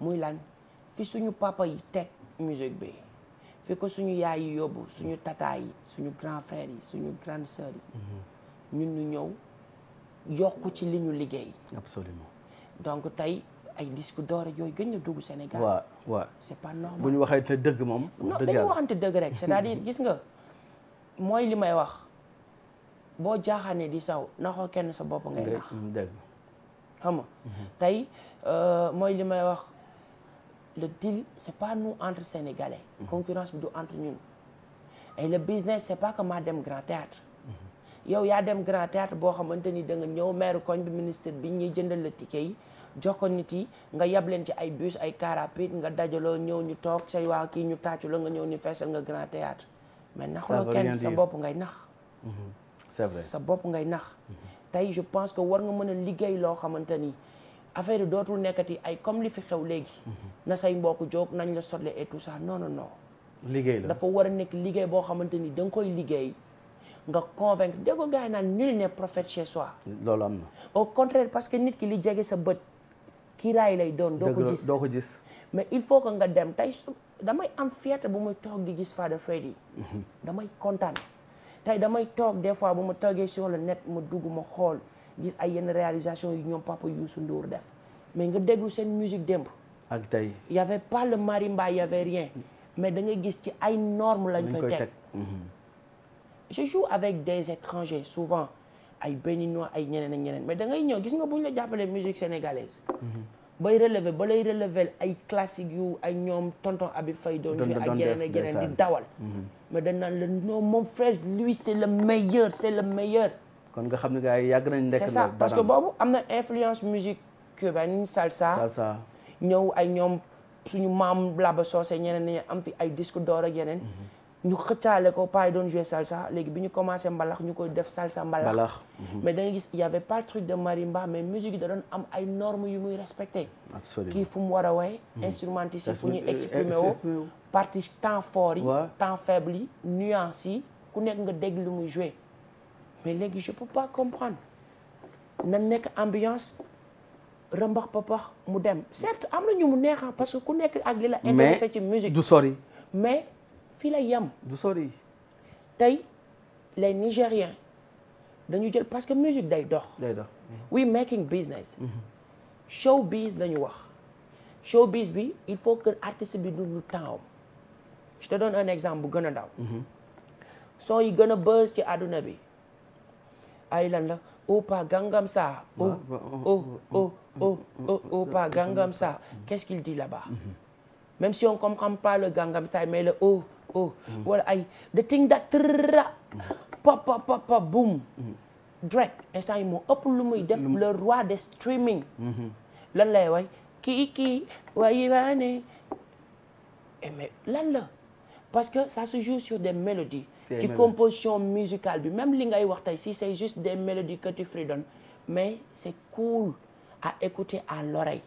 muy lan fi suñu papa yi teg musique bi fi ko suñu yaay yi yóbbu suñu tata yi suñu grand frère yi suñu grande sœur ñun ñu ñëw yokk ci li ñu liggéey. absolument donc tey ay disque d'or jooy gën na dugg Sénégal. waaw waaw c'est pas normal bu ñu waxee te dëgg moom. non dañu waxante dëgg rek c'est-à-dire gis nga mooy li may wax boo jaaxaanee di saw naxoo kenn sa bopp ngay nax. xam nga mhm. tey euh, mooy li may wax le deal c'est pas nous entre Sénégalais. Mhm. concurrence bi du entre ñun. et le business c'est pas que dem Grand Théâtre yow yaa dem grand théâtre boo xamante ni da nga ñëw maire koñ bi ministre bi ñuy jëndal la ticket yi jox ko nit yi nga yab leen ci ay bus ay car rapide nga dajaloo ñëw ñu toog say waa kii ñu tàccu la nga ñëw ni feesal nga grand théâtre mais naxuloo kenn mhm. sa bopp ngay nax c'est sa bopp ngay nax tey je pense que war nga mën a liggéey loo xamante ni affaire yi dootul nekkati ay comme li fi xew léegi mhm. na say mbokk jóg nañ la sotle et tout ça non non non liggéey dafa war a nekk liggéey boo xamante ni da nga koy liggéey nga convaincre déggoo gars yi naan nul ne prophète chez soi. loolu am na. au contraire parce que nit ki li jege sa bët kiiraay lay doon. doo ko gis doo ko gis. mais il faut que nga dem tey damay am fierté bu muy toog di gis Fada Freddy yi. Mhm. damay kontaan tey damay toog des fois bu ma toogee sur le net ma dugg ma xool gis ay yenn réalisation yu ñoom papa Youssou Ndour def mais nga déglu seen musique démb. ak tey ya avait pas le marimba y avait rien mais da gis ci ay normes lañ koy teg. Mhm. je joue avec des étrangers souvent ay béninois ay ñeneen ak ñeneen ma da ngay ñëw gis nga bu ñu la jàppalee musique sénégalaise. Mhm. bay relever ba lay relever ay classique yu ay ñoom tonton Habib fay doon joué ak yeneen ak yeneen di dawal. Mhm. mais dañ naan la non mon frère lui c' est le meilleur c' est le meilleur. kon nga xam ne gars yi yàgg nañ nekk. c'est ça parce que boobu am na influence musique cubaine salsa. salsa ñëw ay ñoom suñu maam Laba Socé ñeneen ñi am fi ay disque d'or ak ñu xëccaale ko paa yi doon jouer salsa léegi bi ñu commencé mbalax ñu koy def salsa mbalax mm-hmm. mais da gis il y avait pas le truc de marimba mais musique da doon am ay normes yu muy respecté kii fu mu war a way mm-hmm. instrumentiste fu ñuy euh, exprimer woo partie temps foor yi temps faible yi nuance yi ku nekk nga dégg lu muy jouer mais léegi je peux pas comprendre na nekk ambiance rëmbax papax mu dem certes am na ñu mu neexa ah, parce que ku nekk ak li la intéressé ci musique du sori mais fii lay yem. du sori. tey les Nigériens dañu jël parce que musique day dox. day dox we making business. Mhm. showbiz lañu wax. showbiz bi il faut que artiste bi du temps je te exemple bu gën a ndaw. Mhm. son yi gën a buzz ci àdduna bi. ay lan la Opa Gangnam Style. oh oh oh oh oh Opa Gangnam Style. qu'est-ce qu'il dit là-bas. Mhm. si on comprend pas le Gangnam Style mais le oh. oh mm-hmm. wala ay the thing that tërra mm-hmm. pop pop pop pop boom mm-hmm. Drake instant yi moo ëpp lu muy def le roi des streaming lan lay way kii kii waaye waane eh, mais lan la parce que ça se joue sur des mélodies ci composition musicale bi même li ngay wax tey si c'est juste des mélodies que tu fredonnes mais c'est cool a écouter à l'oreille.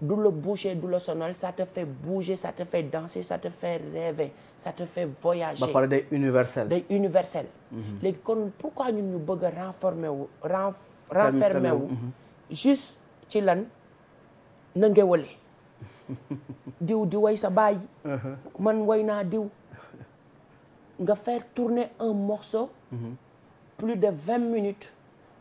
du la bouger du la sonal ça te fait bouger ça te fait danser ça te fait rêver ça te fait voyager. day universel. Mhm. léegi kon pourquoi ñun ñu bëgg a renformer mhm. ci lan na diw di woy sa baay. Uh-huh. man way naa diw. nga faire tourner un morceau. Mhm. plus de vingt minutes.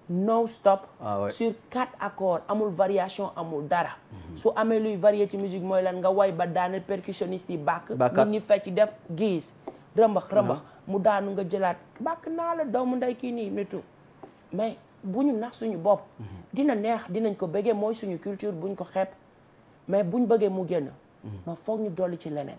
non stop. Ah ouais. sur quatre accords amul variation amul dara. Mhm. su amee luy varié musique mooy lan nga way ba daaneel percussionniste yi bàkk. nit ñi fecc def giis. rëmbax rëmbax mhm. mu daanu nga jëlaat bàkk naa la doomu ndey kii nii nitu mais bu ñu nax suñu bopp. Mhm. dina neex dinañ ko bëggee mooy suñu culture bu buñ ko xeeb mais buñ bëggee mu génn. ma foog ñu dolli ci leneen.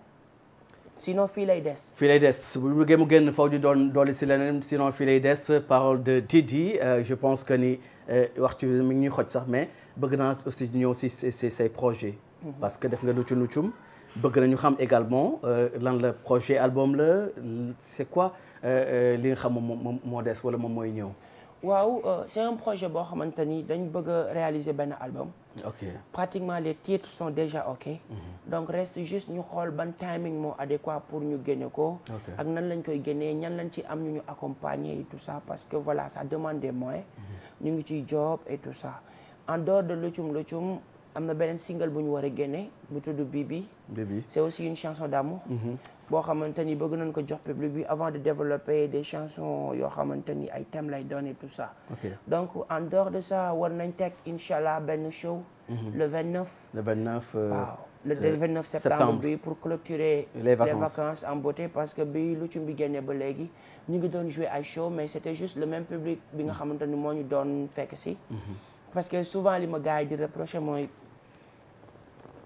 sinon fii lay des. fii lay des bu bëggee mu génn faw ñu doon dolli si leneen sinon fii lay des parole de Didi euh, je pense que ni euh, waxtu mi ngi ñuy xoj sax mais bëgg naa aussi ñëw si si say projet mhm. parce que def nga lu nuccum bëgg na nañu xam également euh, lan la projet album la c'est quoi li nga xam moom moo des wala moom mooy ñëw. waaw euh, c'est un projet boo xamante ni dañ bëgg réaliser benn album. ok pratiquement les titres sont déjà ok. Mhm. donc reste juste ñu xool ban timing moo adéquat pour ñu génne ko. ak nan lañ koy génnee ñan lañ ci am ñu ñu accompagner et tout ça parce que voilà ça demande des mhm. ñu ngi ciy job et tout ça en dehors de Lutchoum Lutchoum am na beneen single bu ñu war a génne bu tudd Bibi. Bibi c'est aussi une chanson d'amour. Mhm. boo xamante ni bëgg nañ ko jox public bi avant de développer des chansons yoo xamante ay thèmes lay doon tout ça. donc en dehors de ça war nañ teg incha benn show. Mhm. le 29. le 29. Euh, waaw euh, bi pour clôturer. les vacances les vacances en beauté parce que bi lu ci génne ba léegi ñu ngi doon jouer ay show mais c'était juste le même public bi nga mhm. xamante ni moo ñu doon fekk si. parce que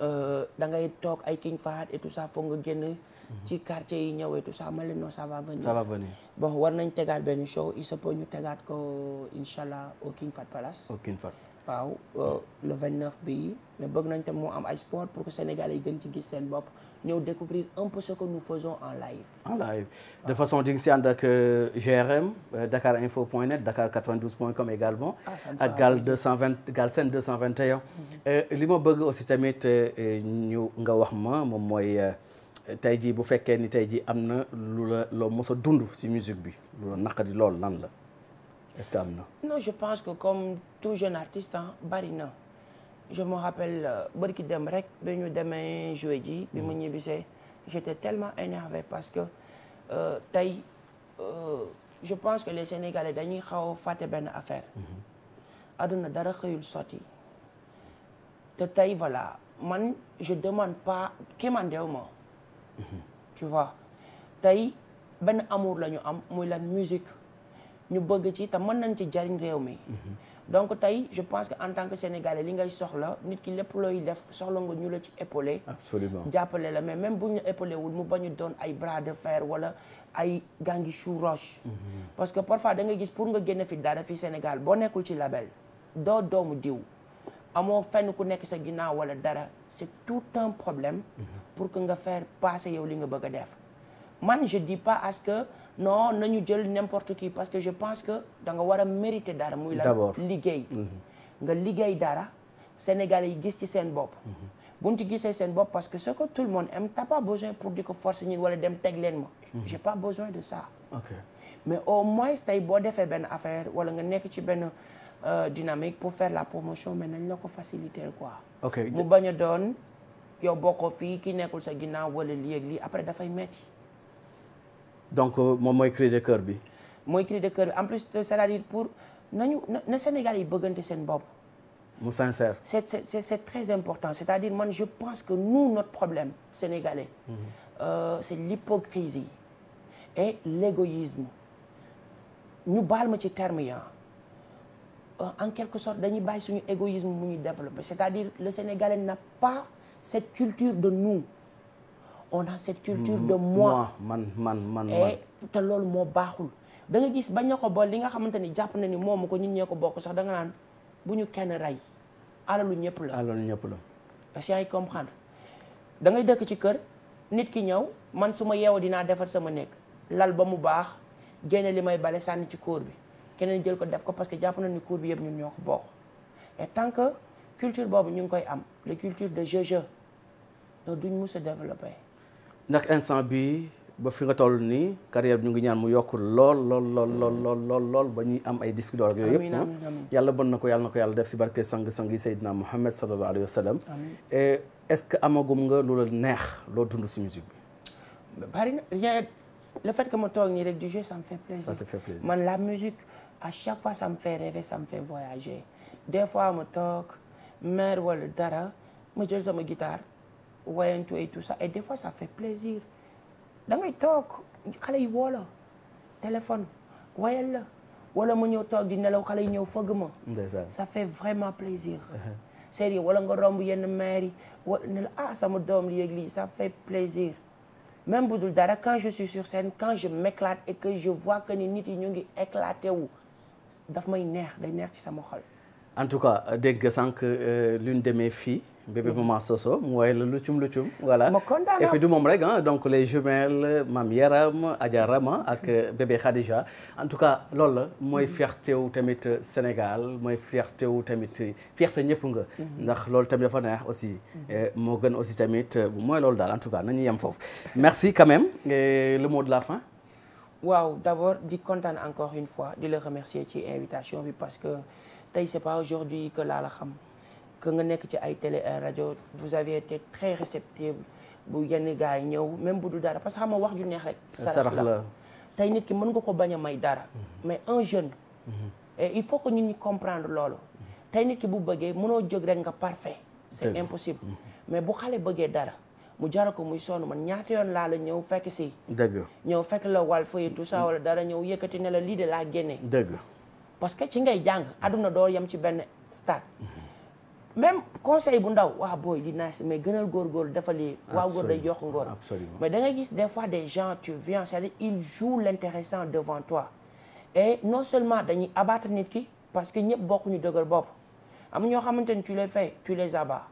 Euh, da ngay toog ay king fahad et tout foog nga génn ci quartier yi ñëw et tout ça ma saa non ça va venir ça va venir bon war nañ tegaat benn show il se ñu tegaat ko incha allah au king fat palace waaw euh, le 29 bii mais bëgg nañ te moo am ay port pour que yi gën ci gis seen bopp ñëw découvrir un peu ce que nous faisons en live. en live ah. de façon di nga si ànd ak euh, GRM euh, Dakar Info point net Dakar 92 point com également. Ah, ak Gal 220 Gal Sen 221. Mm-hmm. Euh, li ma bëgg aussi tamit ñu nga wax ma moom mooy. tey jii bu fekkee ni tey jii am na lu la loo mos a dund ci musique bi lu la naqari lool lan la. est que am na. non je pense que comme tout jeune artiste ah bari na je me rappelle euh, bërki dem rek bi ñu demee joué ji. bi mu mm-hmm. ñibbisee j'étais tellement énervé parce que euh, tey euh, je pense que les Sénégalais dañuy xaw a fàtte benn affaire. aduna mm-hmm. dara xëyul sotti. te tey voilà man je demande pas kéemandewuma. Mm-hmm. tu vois tey benn amour la ñu am muy lan musique. ñu bëgg ci te mën nañ ci jariñ réew mi donc tey je pense que en tant que sénégalais li ngay soxla nit ki lépp looy def soxla nga ñu la ci épaulé absolument jàppale la mais même bu ñu épaulé wul mu bañu doon ay bras de fer wala ay gangi su roche mhm. parce que parfois da ngay gis pour nga génn fi dara fi Sénégal boo nekkul ci label doo doomu diw amoo fenn ku nekk sa ginnaaw wala dara c'est tout un problème mhm. pour que nga faire passer yow li nga bëgg a def man je non nañu jël n'importe kii parce que je pense que danga war a mériter dara muy la liggéey mhm. nga liggéey dara sénégal yi gis ci seen bopp mhm. buñ ci gisee seen bopp parce que ce que tout le monde aime t'as pas besoin pour di ko forcer ñin wala dem teg leen ma mhm. j'ai pas besoin de sa okay. mais au moins tey boo defee benn affaire wala nga nekk ci benn euh, dynamique pour faire la promotion mais nañ la ko faciliter quoi mu bañ a doon yow bokkoo fii ki nekkul sa ginnaaw wala lii lii après dafay metti donc euh, moom mooy cri de cœur bi. mooy cri de cœur bi en plus c'est-à-dire euh, pour nañu na Sénégal yi bëggante seen bopp. mu sincère. c'est c'est c'est très important c'est-à-dire man je pense que nous notre problème sénégalais. Mmh. Euh, c'est l'hypocrisie et l'égoïsme ñu baal ma ci terme yi euh, en quelque sorte dañuy bàyyi suñu égoïsme mu ñuy développer c'est-à-dire le sénégalais n'a pas cette culture de nous. on a cette culture de moi man man man man te loolu moo baaxul da nga gis bañ na ko li nga xamante ni jàpp na ni moomu ko ñun ñee ko bokk sax da nga naan bu ñu kenn rey alalu ñëpp la alalu ñëpp la parce que yaa ngi comprendre da ngay dëkk ci kër nit ki ñëw man su ma yeewoo dinaa defar sama nekk lal ba mu baax génne li may bale sànni ci koor bi keneen jël ko def ko parce que jàpp na ni kóor bi yëpp ñun ñoo ko bokk et tant que culture boobu ñu ngi koy am les culture de jeu jeu duñ mus a ndax instant bi ba fi nga toll nii carrière bi ñu ngi ñaan mu yokk lool lool lool lool lool lool ba ñuy am ay disque d'or ak yooyu na ah. yàlla bon na ko yàlla na ko yàlla def si barke sang-sang yi Seydina Mouhamed sallallahu alayhi wa sallam et est-ce que amagum nga lu la neex loo dund si musique bi bari na le fet que ma toog nii rek du jeu sa me fait plaisir man la musique à chaque fois ça me fait rêver ça me fait voyager des fois ma toog mer wala dara ma jël sama guitare wayantu et tout ça et des fois ça fait plaisir da ngay toog xale yi woo téléphone wayal la wala mu ñëw toog di nelaw xale yi ñëw fëgg ma ça fait vraiment plaisir uh-huh. sérieux wala nga romb yenn maire yi wa ah sama doom li yëg sa ça plaisir même bu dul dara quand je suis sur scène quand je m'éclate et que je vois que ni nit yi ñu ngi éclaté wu daf may neex day neex ci sama xol en tout cas dégg nga sànq euh, l'une de mes fii bébé maman Soso mu woy la lucum lucum. voilà et puis du moom rek ah donc les jumelles Mam Yaram Adja Rama ah, ak euh, bébé Khadija en tout cas loolu la mooy fierté tamit euh, Sénégal mooy fierté tamit euh, fierté ñëpp nga. Mhm. ndax loolu tamit dafa neex aussi. Mhm. moo gën aussi tamit bu mooy loolu daal en tout cas nañu yem foofu. merci quand même et le mot de la fin. waaw d'abord di kontaan encore une fois di la remercier ci invitation bi parce que tey c'est pas aujourd'hui que laa la xam. que nga nekk ci ay télé ay euh, rajo vous avez été très réceptible bu yenn gars yi ñëw même bu dul dara parce que xam wax ju neex rek. sarax la tey nit ki mën nga ko bañ a may dara. Mhm. mais un jeune. Mhm. il faut que nit ñi comprendre loolu. Mhm. tey nit ki bu bëggee mënoo jóg rek nga parfait. c'est impossible mais bu xale bëggee dara. mu jaral ko muy sonn man ñaata yoon laala ñëw fekk si. dëgg ñëw fekk la wal feuille tout ça wala dara ñëw yëkkati ne la lii de laa génnee dëgg parce que ci ngay jàng àdduna doo yem ci benn stade. même conseil bu ndaw waa booy dinaa nice mais gënal góorgóorlu dafa lii waa góor day yokk ngóor mais da nga gis des fois des gens tu viens c'est-à-dire ils jouent l'intéressant devant toi et non seulement dañuy abattre nit ki parce que ñëpp bokkuñu dëgër bopp am ñoo xamante ni tu les fais tu les abats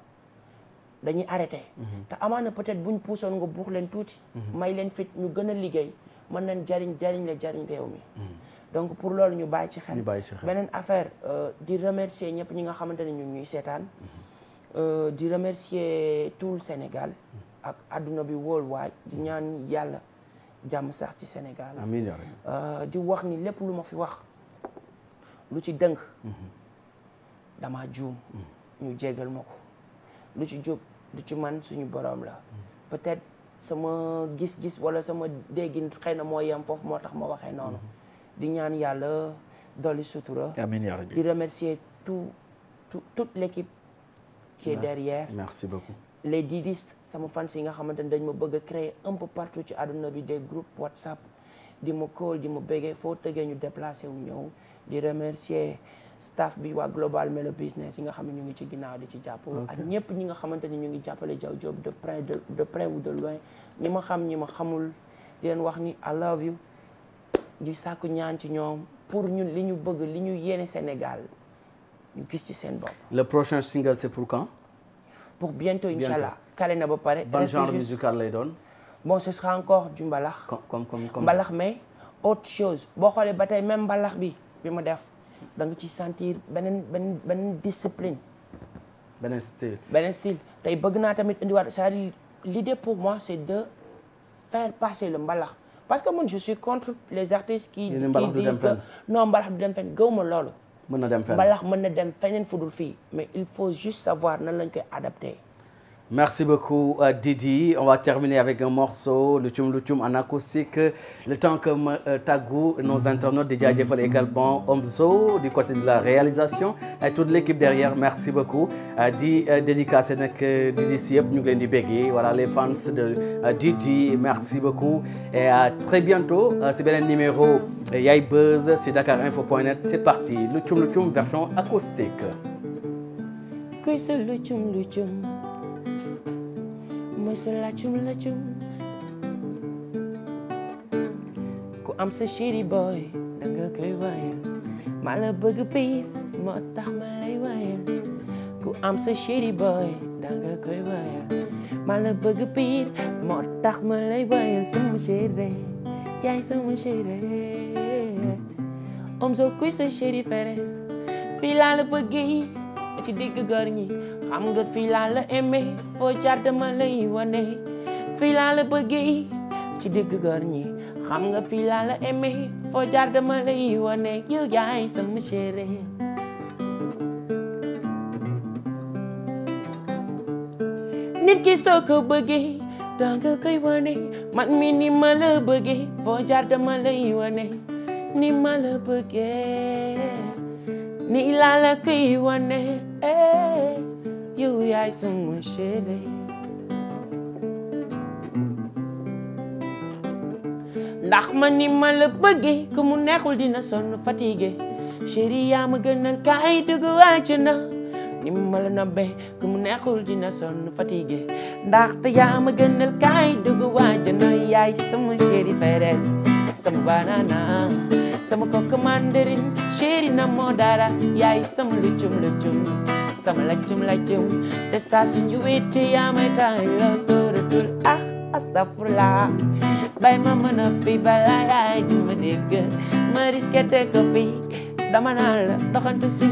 dañuy arrêté mhm. te amaana peut-être buñ puusoon nga buux leen tuuti mhm. may leen fit ñu gën a liggéey mën leen jariñ jariñ la jariñ réew mi mhm. donc pour loolu ñu bàyyi ci xel beneen affaire euh, di remercier ñëpp ñi nga xamante ne ñun ñuy seetaan mm-hmm. euh, di remercier tout Sénégal ak àdduna bi worldwide di mm-hmm. ñaan yàlla jàmm sax ci Sénégal amiin euh, di wax ni lépp lu ma fi wax lu ci dëng mm-hmm. dama juum ñu jégal ma ko lu ci jub du ci man suñu boroom la peut-être sama gis-gis wala sama déggin xëy na moo yem foofu moo tax ma waxee noonu di ñaan yàlla dolli sutura. amiin yaa rabbi di remercier tout tout toute l'équipe qui est derrière. merci beaucoup. sama fans yi nga xamante ne dañ ma bëgg a créer un partout ci àdduna bi des groupes WhatsApp di ma call di ma bëggee foo tëggee ñu déplacé wu ñëw di remercier staff bi waa Global Melo Business yi nga xam ne ñu ngi ci ginnaaw di ci jàpp ak ñëpp ñi nga xamante ni ñu ngi jàppale Diaw Diop de près de près ou de loin ñi ma xam ñi ma xamul di leen wax ni I love you di sàkku ñaan ci ñoom pour ñun li ñu bëgg li ñu yéene Sénégal ñu gis ci seen bopp. le prochain single c'est pour quand. pour bientôt incha allah. kale na ba pare. ban genre musical lay doon. bon ce sera encore du mbalax. comme comme comme boo xoolee ba tey même mbalax bi bi ma def da nga ciy sentir beneen beneen beneen discipline. beneen style beneen style tey bëgg naa tamit indiwaat c'est-à-dire l'idée pour moi c'est de faire passer le mbalax. parce que man je suis contre les artistes qui qui disent que non mbalax du dem fenn gëwma loolu mën na dem fenn mën na dem feneen fu fii mais il faut juste savoir nan lañ koy adapté Merci beaucoup euh, Didi. On va terminer avec un morceau, le Tchoum Tchoum en acoustique. Le temps que euh, Tagou, nos internautes, déjà Diéfol également, Omzo, du côté de la réalisation, et toute l'équipe derrière, merci beaucoup. Euh, di euh, dédicace nak euh, Didi Siep, nous di bégué. Voilà les fans de euh, Didi, merci beaucoup. Et à très bientôt, c'est bien le numéro Yai Buzz, parti, le Tchoum Tchoum version acoustique. Que c'est mooy sa làccum làccum ku am sa chéri boy danga koy waayal maa la bëgg piir moo tax ma lay waayal ku am sa chéri boy danga koy waayal maa la bëgg piir moo tax ma lay waayal sama chéri yaay sama chéri om so kuy sa chéri feres fii laa la bëggee ci digg gër ñi xam nga fii laa la aimé foo jaar dama lay wane fii laa la ci digg gër ñi xam nga fii laa la aimé foo jaar dama lay wane yaay sama chéri nit ki soo ko bëggee danga koy wane man mi ni ma la bëggee foo jaar dama lay wane ni ma la bëggee nii laa la koy wane eh yow yaay sama chéri ndax ma ni ma la bëggee ku mu neexul dina sonn fatigué chéri yaa ma gënal kaay dugg wàcc na ni ma la nobbee ku mu neexul dina sonn fatigué ndaxte yaa ma gënal kaay dugg wàcc na yaay sama chéri fere sama banana sama kooku mandarin chéri na moo dara yaay sama lëccum lëccum sama lëccum lëccum te saa suñu wéete yaa may tax loo sóoratul ah astafurlah bay ma mën a pi bala yaay di ma dégg ma risqué te ko pi dama naan la doxantu si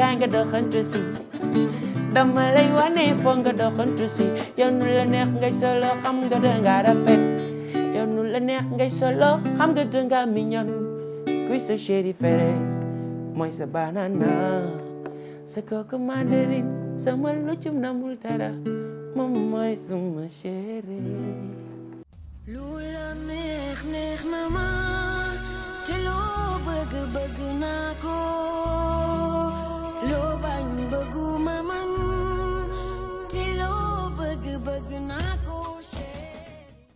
kaa nga doxantu si dama lay wane foo nga doxantu si yow nu la neex ngay nga danga rafet yow nu nga danga mignon kuy sa chéri Férès mooy sa banana sa kooku mandarin sama lucum namul dara moom mooy suma chéri lu la neex neex na ma te loo bëgg bëgg naa ko loo bañ bëgguma man te loo bëgg bëgg naa